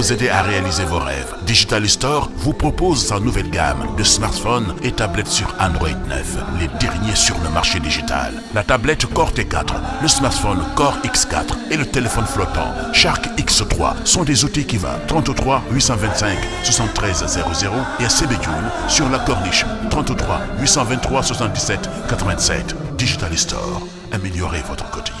vous aider à réaliser vos rêves. Digital Store vous propose sa nouvelle gamme de smartphones et tablettes sur Android 9, les derniers sur le marché digital. La tablette Core T4, le smartphone Core x et le téléphone flottant Shark x sont des outils qui va et à sur la Corniche Digital Store, améliorez votre quotidien.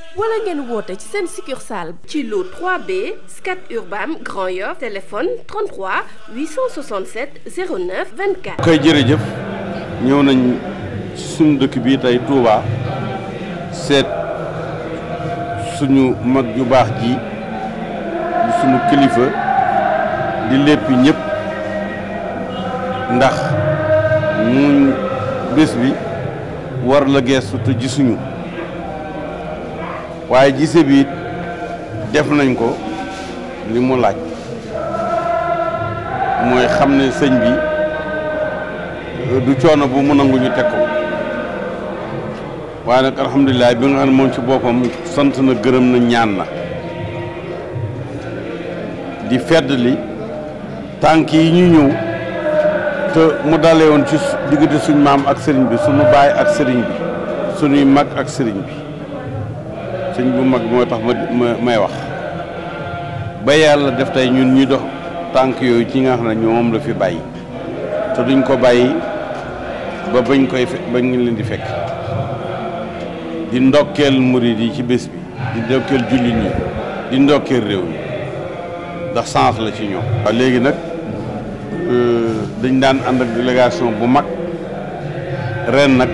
wala ngeen woote ci seen succursale ci lu 3B Scat Urbam Grand Yoff téléphone 33 867 09 24. koy jërëjëf ñëw nañ suñu dëkk bii tey Touba seet suñu mag ju baax ji suñu kilifa di lépp ñëpp ndax muñ bés bi war la geestu te gisuñu. waaye gise bi def nañ ko li mu laaj mooy xam ne sëñ bi du coono bu mu nangu ñu teg ko waaye nag alhamdulilah bi nga xam ne moom ci boppam sant na gërëm na ñaan na di fedd li tànk yi ñu ñëw te mu dalee woon ci diggante suñ maam ak sëriñ bi suñu baay ak sëriñ bi suñuy mag ak sëriñ bi sëñ bu mag moo tax ma may wax ba yàlla def tey ñun ñuy dox tànk yooyu ci nga xam ne ñoom la fi bàyyi te duñ ko bàyyi ba bañ koy bañ leen di fekk di ndokkeel murid yi ci bés bi di ndokkeel jullit ñi di ndokkeel réew mi ndax sens la ci ñoom. waaw léegi nag euh, dañ daan ànd ak délégation bu mag ren nag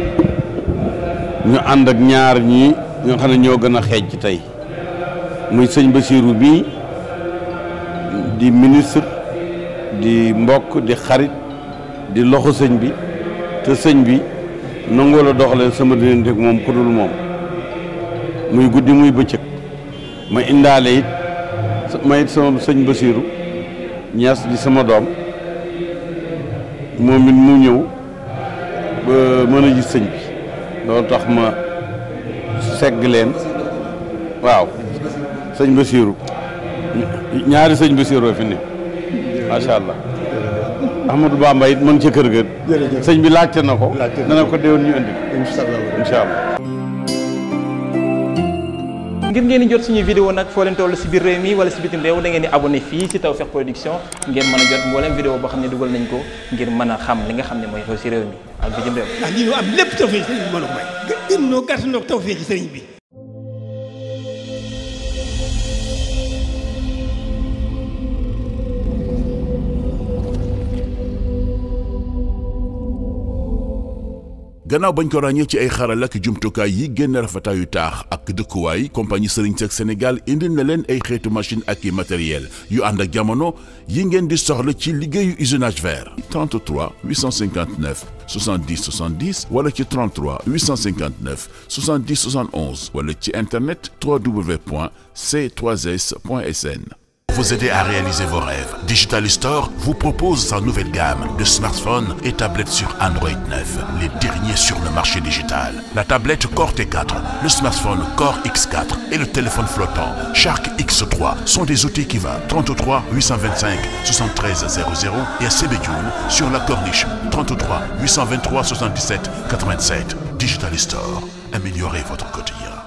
ñu ànd ak ñaar ñii. ñi nga xam ne ñoo gën a xeej ci tey muy sëñ Bassirou bii di ministre di mbokk di xarit di loxo sëñ bi te sëñ bi nangoo la doxalee sama diggante moom ku dul moom muy guddi muy bëccëg ma indaale it ma it sama sëñ Bassirou ñas di sama doom moom it mu ñëw ba mën a gis sëñ bi loolu tax ma segg leen waaw sëñ Basiiru ñaari sëñ Basiiru fi ne macha allah Ahmadou Bamba it mën ca kër ga sëñ bi laajte na ko dana ko déwoon ñu indi incha allah ngir ngeen di jot suñu vidéo nag foo leen toll si biir réew mi wala si bitim réew da ngeen di abonné fii si Tawfekh Production ngeen mën a jot mboolem vidéo boo xam ne dugal nañ ko ngir mën a xam li nga xam ne mooy xew si réew mi ak bi ci mbéy mi. ndax lii am lépp tawfeex sëriñ a may. gën noo gannaaw bañ ko ràññee ci ay xaral ak jumtukaay yi génn rafetaayu taax ak dëkkuwaay compagnie Serigne Sénégal indil na leen ay xeetu machine ak i matériel yu ànd ak jamono yi ngeen di soxla ci liggéeyu usinage vert. 33 859 70 70 wala ci 33 859 70 71 wala ci internet wwwc 3 n vous aider à réaliser vos rêves. Digital Store vous propose sa nouvelle gamme de smartphones et tablettes sur Android 9, les derniers sur le marché digital. La tablette Core T4, le smartphone Core X4 et le téléphone flottant Shark x sont des outils qui vont et à sur la Corniche Digital Store, améliorez votre quotidien.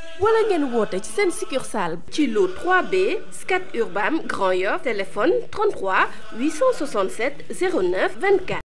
wala ngeen woote ci seen succursale ci lu 3B Scat Urbam Grand Yoff téléphone 33 867 09 24